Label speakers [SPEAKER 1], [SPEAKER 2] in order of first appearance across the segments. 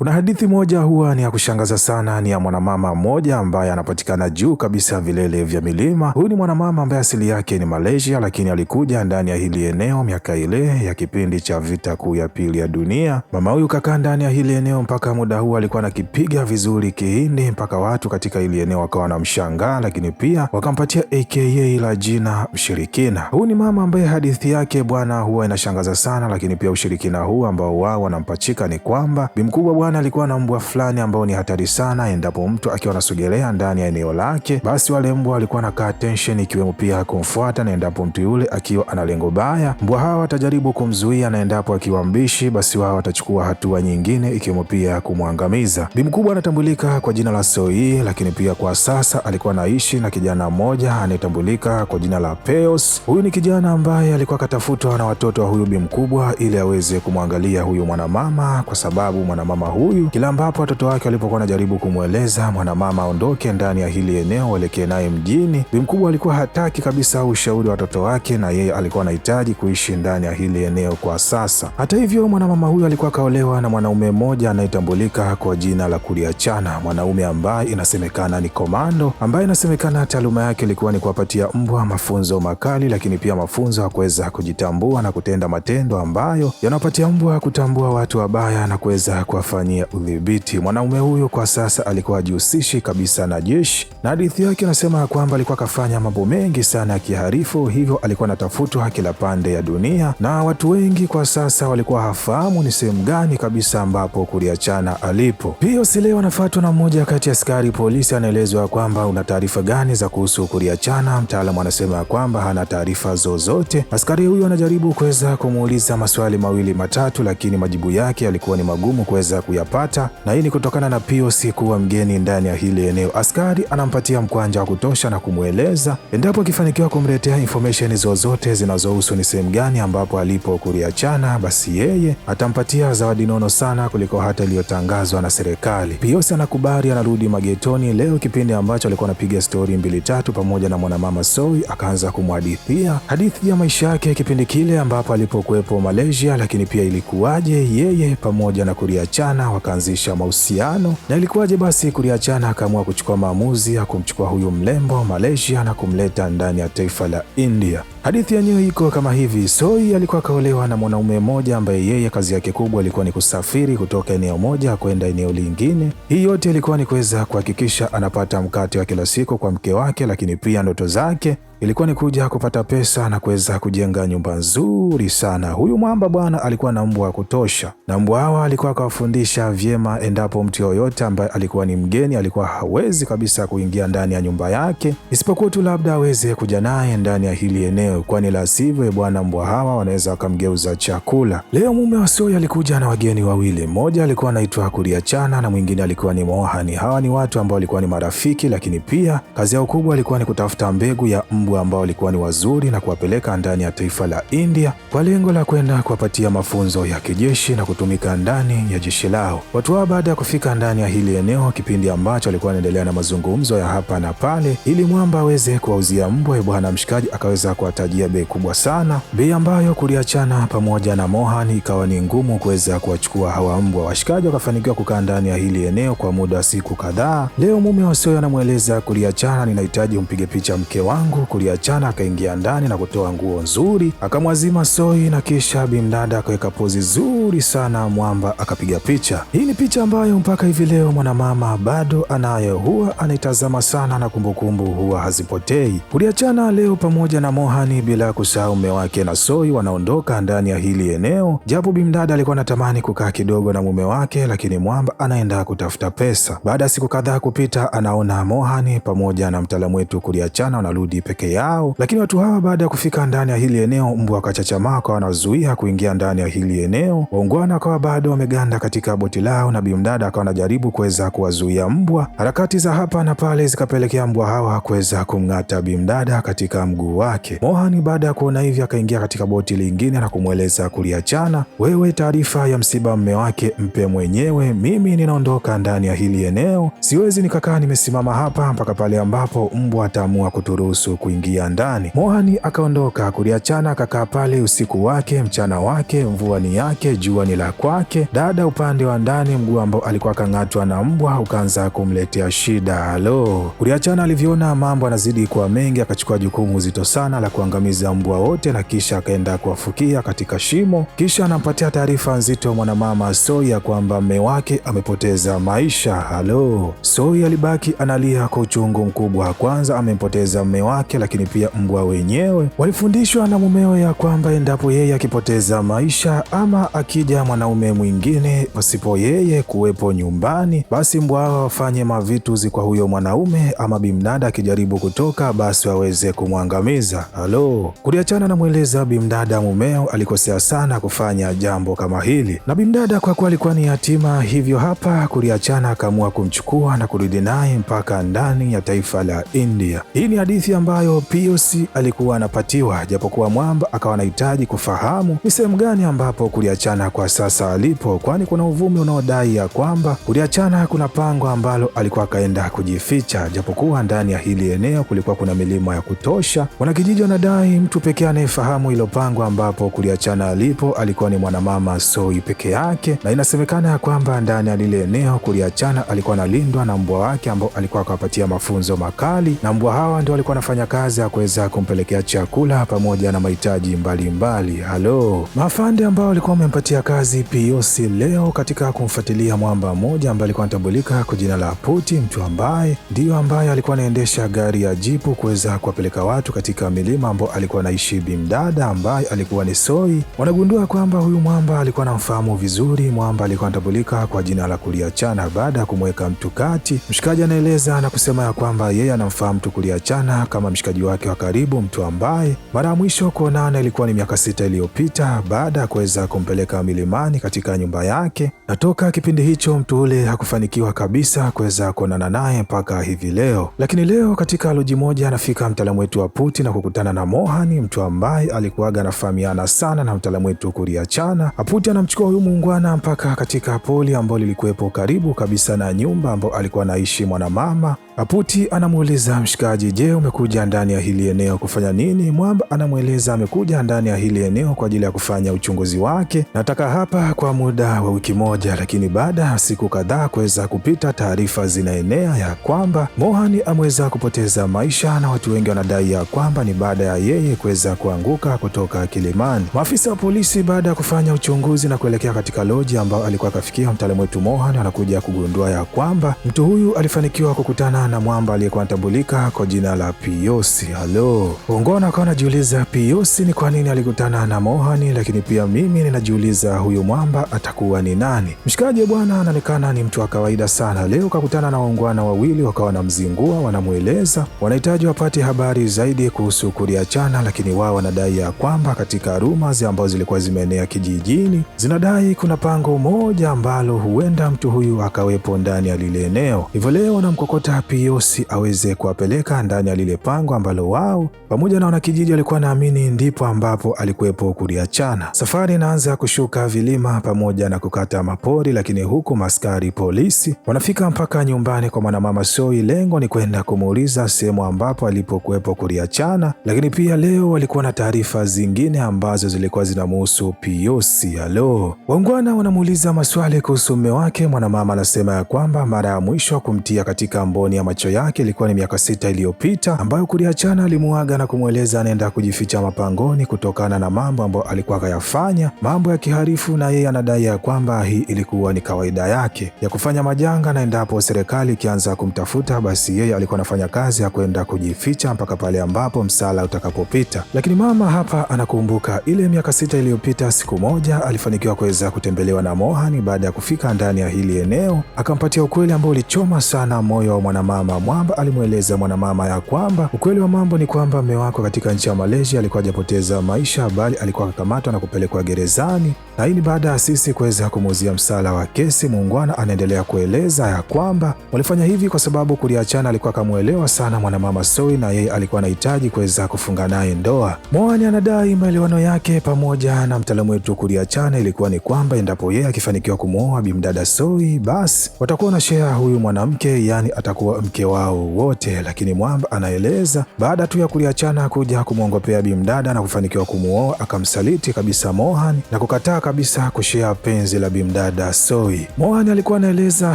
[SPEAKER 1] Kuna hadithi moja huwa ni ya kushangaza sana, ni ya mwanamama mmoja ambaye anapatikana juu kabisa vilele vya milima. Huyu ni mwanamama ambaye asili yake ni Malaysia, lakini alikuja ndani ya hili eneo miaka ile ya kipindi cha vita kuu ya pili ya dunia. Mama huyu kakaa ndani ya hili eneo mpaka muda huu alikuwa anakipiga vizuri Kihindi mpaka watu katika hili eneo wakawa wanamshangaa, lakini pia wakampatia aka la jina mshirikina. Huyu ni mama ambaye hadithi yake bwana huwa inashangaza sana, lakini pia ushirikina huu ambao wao wanampachika ni kwamba bimkubwa Bwana alikuwa na mbwa fulani ambao ni hatari sana. Endapo mtu akiwa anasogelea ndani ya eneo lake, basi wale mbwa walikuwa kaa tension, ikiwemo pia kumfuata, na endapo mtu yule akiwa ana lengo baya, mbwa hawa watajaribu kumzuia, na endapo akiwa mbishi, basi wao watachukua hatua nyingine, ikiwemo pia kumwangamiza. Bi mkubwa anatambulika kwa jina la soi lakini pia kwa sasa alikuwa anaishi na kijana mmoja anayetambulika kwa jina la Peos. Huyu ni kijana ambaye alikuwa akatafutwa na watoto wa huyu bi mkubwa ili aweze kumwangalia huyu mwanamama, kwa sababu mwanamama huyu kila ambapo watoto wake walipokuwa wanajaribu kumweleza mwanamama aondoke ndani ya hili eneo waelekee naye mjini, bi mkubwa alikuwa hataki kabisa ushauri wa watoto wake, na yeye alikuwa anahitaji kuishi ndani ya hili eneo kwa sasa. Hata hivyo, mwanamama huyu alikuwa akaolewa na mwanaume mmoja anayetambulika kwa jina la Kuliachana, mwanaume ambaye inasemekana ni komando, ambaye inasemekana taaluma yake ilikuwa ni kuwapatia mbwa mafunzo makali, lakini pia mafunzo ya kuweza kujitambua na kutenda matendo ambayo yanawapatia mbwa kutambua watu wabaya na kuweza kuwafanyia Tanzania udhibiti. Mwanaume huyo kwa sasa alikuwa hajihusishi kabisa na jeshi, na hadithi yake anasema ya kwamba alikuwa akafanya mambo mengi sana ya kiharifu, hivyo alikuwa anatafutwa kila pande ya dunia, na watu wengi kwa sasa walikuwa hafahamu ni sehemu gani kabisa ambapo kuliachana alipo. Pia Sileo anafuatwa na mmoja kati ya askari polisi, anaelezwa kwamba una taarifa gani za kuhusu kuliachana? Mtaalamu anasema ya kwamba hana taarifa zozote. Askari huyo anajaribu kuweza kumuuliza maswali mawili matatu, lakini majibu yake yalikuwa ni magumu kuweza kuya kuyapata, na hii ni kutokana na POC kuwa mgeni ndani ya hili eneo. Askari anampatia mkwanja wa kutosha na kumweleza endapo akifanikiwa kumletea information zozote zinazohusu ni sehemu gani ambapo alipo Kuriachana, basi yeye atampatia zawadi nono sana kuliko hata iliyotangazwa na serikali. POC anakubali, anarudi magetoni leo, kipindi ambacho alikuwa anapiga stori mbili tatu pamoja na mwanamama Soi, akaanza kumhadithia hadithi ya maisha yake kipindi kile ambapo alipokuwepo Malaysia, lakini pia ilikuwaje yeye pamoja na Kuriachana wakaanzisha mahusiano. Na ilikuwaje basi kuliachana? Akaamua kuchukua maamuzi ya kumchukua huyu mlembo Malaysia na kumleta ndani ya taifa la India. Hadithi yenyewe iko kama hivi. Soi alikuwa akaolewa na mwanaume mmoja ambaye yeye kazi yake kubwa ilikuwa ni kusafiri kutoka eneo moja kwenda eneo lingine. Hii yote ilikuwa ni kuweza kuhakikisha anapata mkate wa kila siku kwa mke wake, lakini pia ndoto zake ilikuwa ni kuja kupata pesa na kuweza kujenga nyumba nzuri sana. Huyu mwamba bwana alikuwa na mbwa wa kutosha, na mbwa hawa alikuwa akawafundisha vyema, endapo mtu yoyote ambaye alikuwa ni mgeni alikuwa hawezi kabisa kuingia ndani ya nyumba yake, isipokuwa tu labda aweze kuja naye ndani ya hili eneo, kwani la sivyo eh, bwana, mbwa hawa wanaweza wakamgeuza chakula. Leo mume wa Soi alikuja na wageni wawili, mmoja alikuwa anaitwa Kuriachana na mwingine alikuwa ni Mohani. Hawa ni watu ambao walikuwa ni marafiki, lakini pia kazi yao kubwa alikuwa ni kutafuta mbegu ya mbwa wakubwa ambao walikuwa ni wazuri na kuwapeleka ndani ya taifa la India kwa lengo la kwenda kuwapatia mafunzo ya kijeshi na kutumika ndani ya jeshi lao. Watu hao baada ya kufika ndani ya hili eneo, kipindi ambacho walikuwa wanaendelea na mazungumzo ya hapa na pale, ili mwamba aweze kuwauzia mbwa, bwana mshikaji akaweza kuwatajia bei kubwa sana, bei ambayo kuliachana pamoja na Mohan ikawa ni ngumu kuweza kuwachukua hawa mbwa. Washikaji wakafanikiwa kukaa ndani ya hili eneo kwa muda wa siku kadhaa. Leo mume wa Sio anamweleza kuliachana, ninahitaji umpige picha mke wangu kuliachana, akaingia ndani na kutoa nguo nzuri, akamwazima Soi na kisha Bimdada akaweka pozi zuri sana, Mwamba akapiga picha. Hii ni picha ambayo mpaka hivi leo mwanamama bado anayo, huwa anaitazama sana na kumbukumbu huwa hazipotei. Kuliachana leo pamoja na Mohani, bila kusahau mume wake na Soi wanaondoka ndani ya hili eneo, japo Bimdada alikuwa anatamani kukaa kidogo na mume wake, lakini Mwamba anaenda kutafuta pesa. Baada ya siku kadhaa kupita, anaona Mohani pamoja na mtaalamu wetu kuliachana wanarudi peke yao, lakini watu hawa baada ya kufika ndani ya hili eneo, mbwa akachachamaa akawa anazuia kuingia ndani ya hili eneo. Waungwana akawa bado wameganda katika boti lao, na bimdada akawa anajaribu kuweza kuwazuia mbwa. Harakati za hapa na pale zikapelekea mbwa hawa kuweza kumng'ata bimdada katika mguu wake. Mohan baada ya kuona hivyo, akaingia katika boti lingine na kumweleza kuliachana, wewe taarifa ya msiba mme wake mpe mwenyewe, mimi ninaondoka ndani ya hili eneo, siwezi nikakaa nimesimama hapa mpaka pale ambapo mbwa ataamua kuturuhusu kuingia ndani. Mohani akaondoka kuliachana, akakaa pale usiku wake mchana wake, mvua ni yake, jua ni la kwake. Dada upande wa ndani, mguu ambao alikuwa akang'atwa na mbwa ukaanza kumletea shida. halo kuliachana alivyoona mambo anazidi kuwa mengi, akachukua jukumu zito sana la kuangamiza mbwa wote, na kisha akaenda kuwafukia katika shimo, kisha anampatia taarifa nzito mwanamama Soya kwamba mme wake amepoteza maisha. Halo Soya alibaki analia kwa uchungu mkubwa, kwanza amempoteza mme wake lakini pia mbwa wenyewe walifundishwa na mumeo ya kwamba endapo yeye akipoteza maisha ama akija mwanaume mwingine pasipo yeye kuwepo nyumbani, basi mbwa wafanye mavituzi kwa huyo mwanaume, ama bimdada akijaribu kutoka, basi waweze kumwangamiza. Halo, kuliachana na mweleza bimdada mumeo alikosea sana kufanya jambo kama hili, na bimdada kwa kuwa alikuwa ni yatima, hivyo hapa kuliachana akaamua kumchukua na kurudi naye mpaka ndani ya taifa la India. Hii ni hadithi ambayo ambayo Pius alikuwa anapatiwa, japokuwa Mwamba akawa anahitaji kufahamu ni sehemu gani ambapo kuliachana kwa sasa alipo, kwani kuna uvumi unaodai ya kwamba kuliachana kuna pango ambalo alikuwa akaenda kujificha, japokuwa ndani ya hili eneo kulikuwa kuna milima ya kutosha. Wanakijiji wanadai mtu pekee anayefahamu hilo pango ambapo kuliachana alipo alikuwa ni mwanamama Soi peke yake, na inasemekana ya kwamba ndani ya lile eneo kuliachana alikuwa analindwa na mbwa wake ambao alikuwa akawapatia mafunzo makali, na mbwa hawa ndio walikuwa wanafanya kazi kazi ya kuweza kumpelekea chakula pamoja na mahitaji mbalimbali. Halo mafande ambao walikuwa wamempatia kazi POC leo katika kumfuatilia mwamba mmoja ambaye alikuwa anatambulika kwa jina la Puti, mtu ambaye ndiyo ambaye alikuwa anaendesha gari ya jipu kuweza kuwapeleka watu katika milima ambao alikuwa anaishi bimdada ambaye alikuwa ni Soi. Wanagundua kwamba huyu mwamba alikuwa anamfahamu vizuri. Mwamba alikuwa anatambulika kwa jina la Kuliachana. Baada ya kumweka mtu kati, mshikaji anaeleza na kusema ya kwamba yeye anamfahamu Tukuliachana kama mshikaji mshikaji wake wa karibu, mtu ambaye mara ya mwisho kuonana ilikuwa ni miaka sita iliyopita baada ya kuweza kumpeleka milimani katika nyumba yake, na toka kipindi hicho mtu ule hakufanikiwa kabisa kuweza kuonana naye mpaka hivi leo. Lakini leo katika loji moja anafika mtaalamu wetu wa puti na kukutana na Mohan, mtu ambaye alikuwaga anafahamiana sana na mtaalamu wetu Kuriachana. Aputi anamchukua huyu muungwana mpaka katika poli ambayo lilikuwepo karibu kabisa na nyumba ambayo alikuwa anaishi mwanamama Aputi anamweleza mshikaji, je, umekuja ndani ya hili eneo kufanya nini? Mwamba anamweleza amekuja ndani ya hili eneo kwa ajili ya kufanya uchunguzi wake, nataka hapa kwa muda wa wiki moja, lakini baada ya siku kadhaa kuweza kupita, taarifa zinaenea ya kwamba Mohan ameweza kupoteza maisha na watu wengi wanadai ya kwamba ni baada ya yeye kuweza kuanguka kutoka kilimani. Maafisa wa polisi baada ya kufanya uchunguzi na kuelekea katika loji ambayo alikuwa akafikia mtaalamu wetu Mohan, anakuja kugundua ya kwamba mtu huyu alifanikiwa kukutana na mwamba aliyekuwa anatambulika kwa jina la piosi Halo Ungona akawa anajiuliza piosi ni kwa nini alikutana na Mohani, lakini pia mimi ninajiuliza huyu mwamba atakuwa ni nani? Mshikaji bwana anaonekana ni mtu wa kawaida sana. Leo kakutana na waungwana wawili, wakawa wanamzingua, wanamweleza wanahitaji wapate habari zaidi kuhusu kuliachana, lakini wao wanadai ya kwamba katika rumors ambazo zilikuwa zimeenea kijijini zinadai kuna pango moja ambalo huenda mtu huyu akawepo ndani ya lile eneo, hivyo leo wanamkokota piosi aweze kuwapeleka ndani ya lile pango ambalo wao pamoja na wanakijiji walikuwa naamini ndipo ambapo alikuwepo kuliachana. Safari inaanza kushuka vilima pamoja na kukata mapori, lakini huku maskari polisi wanafika mpaka nyumbani kwa mwanamama Soi. Lengo ni kwenda kumuuliza sehemu ambapo alipokuwepo kuliachana, lakini pia leo walikuwa na taarifa zingine ambazo zilikuwa zinamuhusu Piosi. Halo wangwana wanamuuliza maswali kuhusu mume wake. Mwanamama anasema ya kwamba mara ya mwisho kumtia katika mboni ya macho yake ilikuwa ni miaka sita iliyopita ambayo kuliachana alimuaga na kumweleza anaenda kujificha mapangoni kutokana na mambo ambayo alikuwa akayafanya, mambo ya kiharifu, na yeye anadai ya kwamba hii ilikuwa ni kawaida yake ya kufanya majanga, na endapo serikali ikianza kumtafuta, basi yeye alikuwa anafanya kazi ya kwenda kujificha mpaka pale ambapo msala utakapopita. Lakini mama hapa anakumbuka ile miaka sita iliyopita, siku moja alifanikiwa kuweza kutembelewa na Mohan baada ya kufika ndani ya hili eneo, akampatia ukweli ambao ulichoma sana moyo wa mwana mwanamama Mwamba alimweleza mwanamama ya kwamba ukweli wa mambo ni kwamba mume wako katika nchi ya Malaysia alikuwa hajapoteza maisha, bali alikuwa akakamatwa na kupelekwa gerezani, na hii ni baada ya sisi kuweza kumuuzia msala wa kesi. Muungwana anaendelea kueleza ya kwamba walifanya hivi kwa sababu kuliachana alikuwa akamwelewa sana mwanamama soi na yeye alikuwa anahitaji kuweza kufunga naye ndoa. mwani anadai maelewano yake pamoja na mtaalamu wetu kuliachana ilikuwa ni kwamba endapo yeye akifanikiwa kumwoa bimdada soi basi watakuwa na shea huyu mwanamke, yani atakuwa mke wao wote, lakini Mwamba anaeleza baada tu ya kuliachana kuja kumwongopea Bimdada na kufanikiwa kumuoa, akamsaliti kabisa Mohan na kukataa kabisa kushea penzi la Bimdada Soi. Mohan alikuwa anaeleza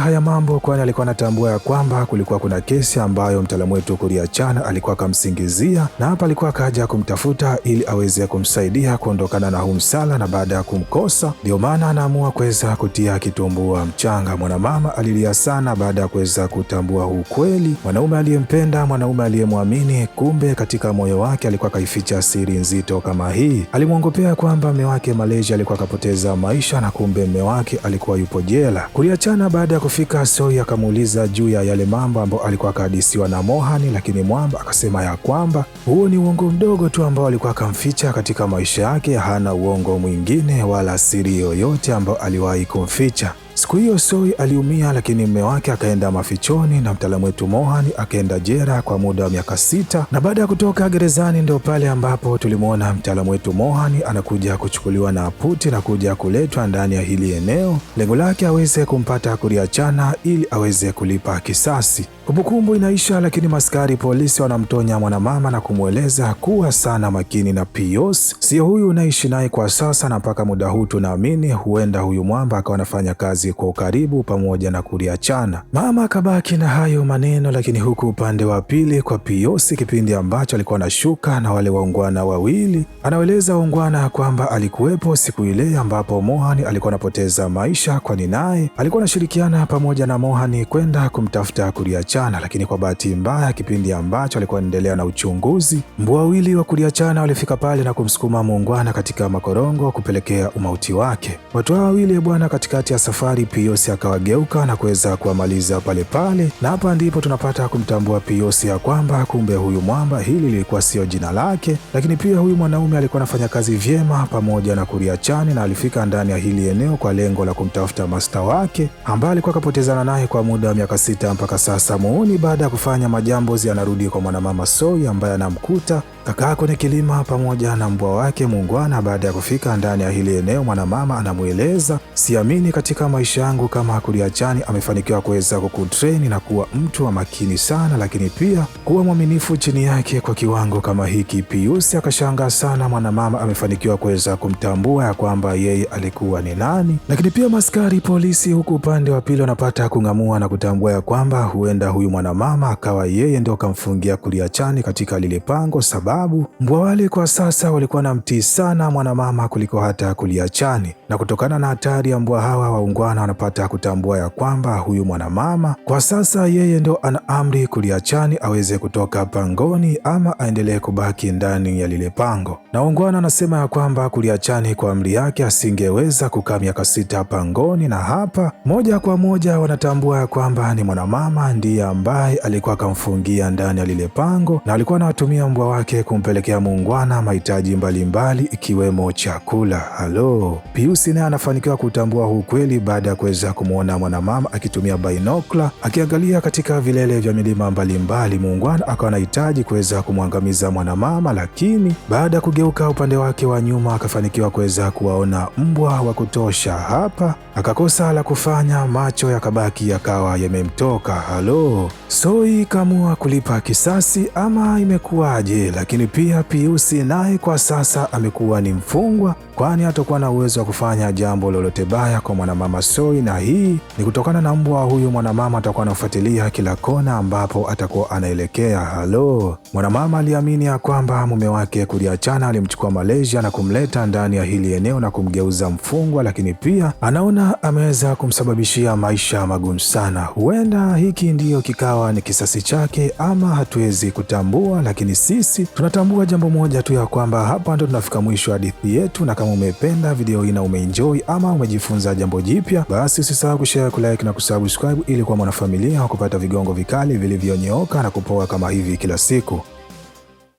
[SPEAKER 1] haya mambo kwani alikuwa anatambua ya kwamba kulikuwa kuna kesi ambayo mtaalamu wetu kuliachana alikuwa akamsingizia, na hapa alikuwa akaja kumtafuta ili aweze kumsaidia kuondokana na humsala, na baada ya kumkosa ndio maana anaamua kuweza kutia kitumbua mchanga. Mwanamama alilia sana baada ya kuweza kutambua huku kweli, mwanaume aliyempenda, mwanaume aliyemwamini, kumbe katika moyo wake alikuwa kaificha siri nzito kama hii. Alimwongopea kwamba mme wake Malaysia alikuwa akapoteza maisha na kumbe mme wake alikuwa yupo jela. Kuliachana baada ya kufika, Soi akamuuliza juu ya yale mambo ambayo alikuwa akahadisiwa na Mohani, lakini Mwamba akasema ya kwamba huo ni uongo mdogo tu ambao alikuwa akamficha katika maisha yake, hana uongo mwingine wala siri yoyote ambayo aliwahi kumficha. Siku hiyo Soi aliumia, lakini mume wake akaenda mafichoni na mtaalamu wetu Mohan akaenda jera kwa muda wa miaka sita, na baada ya kutoka gerezani ndio pale ambapo tulimwona mtaalamu wetu Mohan anakuja kuchukuliwa na Puti na kuja kuletwa ndani ya hili eneo. Lengo lake aweze kumpata Kuria Chana ili aweze kulipa kisasi. Kumbukumbu inaisha, lakini maskari polisi wanamtonya mwanamama na kumweleza kuwa sana makini na Pius, sio huyu unaishi naye kwa sasa, na mpaka muda huu tunaamini huenda huyu mwamba akawa anafanya kazi kwa ukaribu pamoja na kuliachana. Mama akabaki na hayo maneno, lakini huku upande wa pili kwa Pius, kipindi ambacho alikuwa anashuka na wale waungwana wawili, anaeleza waungwana kwamba alikuwepo siku ile ambapo Mohani alikuwa anapoteza maisha, kwani naye alikuwa anashirikiana pamoja na Mohani kwenda kumtafuta kuliachana kuachana, lakini kwa bahati mbaya, kipindi ambacho alikuwa anaendelea na uchunguzi, mbwa wawili wa kuliachana walifika pale na kumsukuma muungwana katika makorongo kupelekea umauti wake. Watu hao wawili bwana, katikati ya safari Piyosi akawageuka na kuweza kuwamaliza pale pale, na hapa ndipo tunapata kumtambua Piyosi ya kwamba kumbe huyu mwamba hili lilikuwa sio jina lake, lakini pia huyu mwanaume alikuwa anafanya kazi vyema pamoja na Kuriachani na alifika ndani ya hili eneo kwa lengo la kumtafuta masta wake ambaye alikuwa akapotezana naye kwa muda wa miaka sita mpaka sasa hamuoni baada ya kufanya majambozi, anarudi kwa mwanamama Soi ambaye anamkuta kaka ni Kilima pamoja na mbwa wake Muungwana. Baada ya kufika ndani ya hili eneo, mwanamama anamweleza Siamini katika maisha yangu kama Hakulia Chani amefanikiwa kuweza kukutreni na kuwa mtu wa makini sana, lakini pia kuwa mwaminifu chini yake kwa kiwango kama hiki. Piusi akashangaa sana, mwanamama amefanikiwa kuweza kumtambua ya kwamba yeye alikuwa ni nani, lakini pia maskari polisi huku upande wa pili wanapata kung'amua na kutambua ya kwamba huenda huyu mwanamama akawa yeye ndio kamfungia Kuliachani Chani katika lile pango, sababu mbwa wale kwa sasa walikuwa na mtii sana mwanamama kuliko hata kuliachani na kutokana na hatari tayari mbwa hawa waungwana wanapata kutambua ya kwamba huyu mwanamama kwa sasa yeye ndo ana amri kuliachani aweze kutoka pangoni ama aendelee kubaki ndani ya lile pango, na waungwana anasema ya kwamba kuliachani kwa amri yake asingeweza kukaa miaka sita pangoni, na hapa moja kwa moja wanatambua ya kwamba ni mwanamama ndiye ambaye alikuwa akamfungia ndani ya lile pango na alikuwa anawatumia mbwa wake kumpelekea muungwana mahitaji mbalimbali ikiwemo chakula. Halo, Piusi naye anafanikiwa kutambua huu ukweli baada ya kuweza kumwona mwanamama akitumia binokla akiangalia katika vilele vya milima mbalimbali. Muungwana akawa anahitaji kuweza kumwangamiza mwanamama, lakini baada ya kugeuka upande wake wa nyuma akafanikiwa kuweza kuwaona mbwa wa kutosha. Hapa akakosa la kufanya, macho yakabaki yakawa yamemtoka. Halo, Soi ikaamua kulipa kisasi ama imekuwaje? Lakini pia Piusi naye kwa sasa amekuwa ni mfungwa, kwani hatakuwa na uwezo wa kufanya jambo lolote vibaya kwa mwanamama Soi, na hii ni kutokana na mbwa huyu mwanamama atakuwa anafuatilia kila kona ambapo atakuwa anaelekea. Halo, mwanamama aliamini ya kwamba mume wake kuliachana alimchukua Malaysia na kumleta ndani ya hili eneo na kumgeuza mfungwa, lakini pia anaona ameweza kumsababishia maisha magumu sana. Huenda hiki ndiyo kikawa ni kisasi chake, ama hatuwezi kutambua, lakini sisi tunatambua jambo moja tu ya kwamba hapa ndo tunafika mwisho hadithi yetu, na kama umependa video hii na umeenjoy ama umeji kujifunza jambo jipya, basi usisahau kushare, kulike na kusubscribe ili kuwa mwanafamilia wa kupata vigongo vikali vilivyonyooka na kupoa kama hivi kila siku.